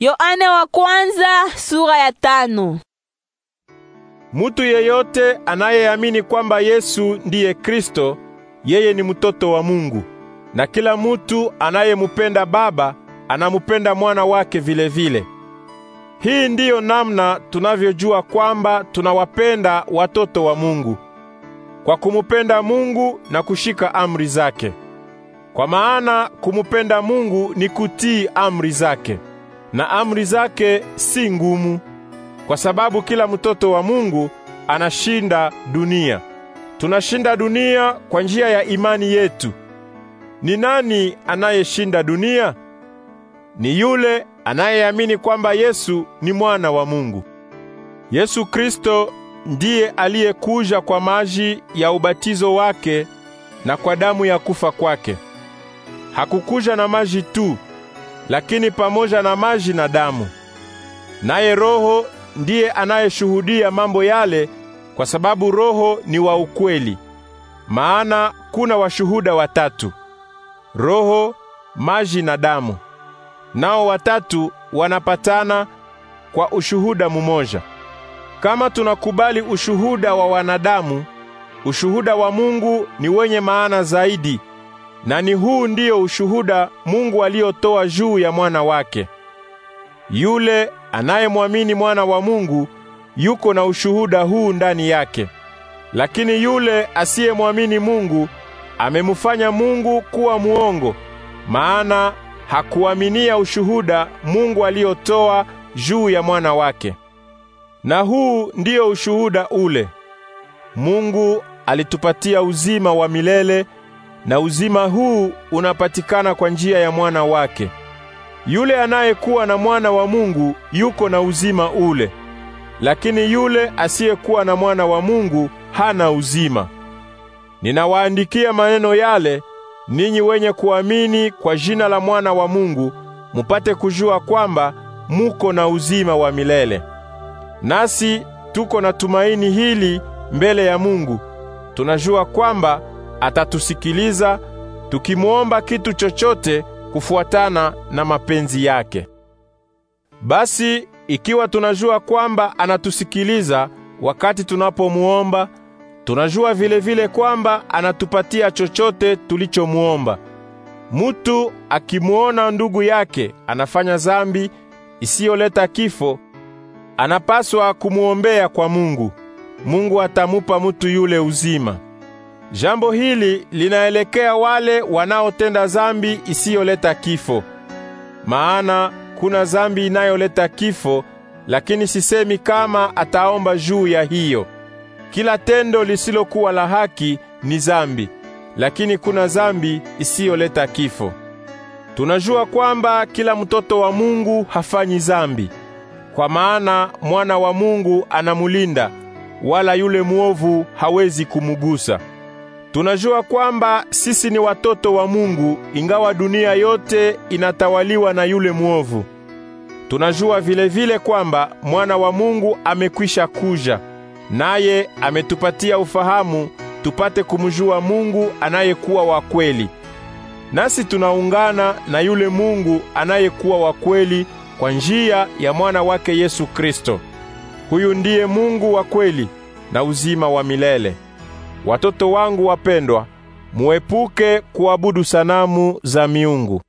Yohane wa kwanza sura ya tano. Mutu yeyote anayeamini kwamba Yesu ndiye Kristo, yeye ni mtoto wa Mungu. Na kila mutu anayemupenda Baba anamupenda mwana wake vile vile. Hii ndiyo namna tunavyojua kwamba tunawapenda watoto wa Mungu. Kwa kumupenda Mungu na kushika amri zake. Kwa maana kumupenda Mungu ni kutii amri zake na amri zake si ngumu, kwa sababu kila mtoto wa Mungu anashinda dunia. Tunashinda dunia kwa njia ya imani yetu. Ni nani anayeshinda dunia? Ni yule anayeamini kwamba Yesu ni mwana wa Mungu. Yesu Kristo ndiye aliyekuja kwa maji ya ubatizo wake na kwa damu ya kufa kwake. Hakukuja na maji tu, lakini pamoja na maji na damu. Naye Roho ndiye anayeshuhudia mambo yale, kwa sababu Roho ni wa ukweli. Maana kuna washuhuda watatu: Roho, maji na damu, nao watatu wanapatana kwa ushuhuda mumoja. Kama tunakubali ushuhuda wa wanadamu, ushuhuda wa Mungu ni wenye maana zaidi na ni huu ndiyo ushuhuda Mungu aliotoa juu ya mwana wake. Yule anayemwamini mwana wa Mungu yuko na ushuhuda huu ndani yake. Lakini yule asiyemwamini Mungu amemfanya Mungu kuwa muongo, maana hakuaminia ushuhuda Mungu aliotoa juu ya mwana wake. Na huu ndiyo ushuhuda ule: Mungu alitupatia uzima wa milele na uzima huu unapatikana kwa njia ya mwana wake. Yule anayekuwa na mwana wa Mungu yuko na uzima ule, lakini yule asiyekuwa na mwana wa Mungu hana uzima. Ninawaandikia maneno yale ninyi wenye kuamini kwa jina la mwana wa Mungu, mupate kujua kwamba muko na uzima wa milele. Nasi tuko na tumaini hili mbele ya Mungu. Tunajua kwamba atatusikiliza tukimwomba kitu chochote kufuatana na mapenzi yake. Basi ikiwa tunajua kwamba anatusikiliza wakati tunapomwomba, tunajua vile vile kwamba anatupatia chochote tulichomwomba. Mutu akimwona ndugu yake anafanya zambi isiyoleta kifo, anapaswa kumwombea kwa Mungu. Mungu atamupa mutu yule uzima. Jambo hili linaelekea wale wanaotenda zambi isiyoleta kifo. Maana kuna zambi inayoleta kifo, lakini sisemi kama ataomba juu ya hiyo. Kila tendo lisilokuwa la haki ni zambi, lakini kuna zambi isiyoleta kifo. Tunajua kwamba kila mtoto wa Mungu hafanyi zambi, kwa maana mwana wa Mungu anamulinda, wala yule mwovu hawezi kumugusa. Tunajua kwamba sisi ni watoto wa Mungu ingawa dunia yote inatawaliwa na yule mwovu. Tunajua vile vile kwamba mwana wa Mungu amekwisha kuja, naye ametupatia ufahamu tupate kumjua Mungu anayekuwa wa kweli. Nasi tunaungana na yule Mungu anayekuwa wa kweli kwa njia ya mwana wake Yesu Kristo. Huyu ndiye Mungu wa kweli na uzima wa milele. Watoto wangu wapendwa, muepuke kuabudu sanamu za miungu.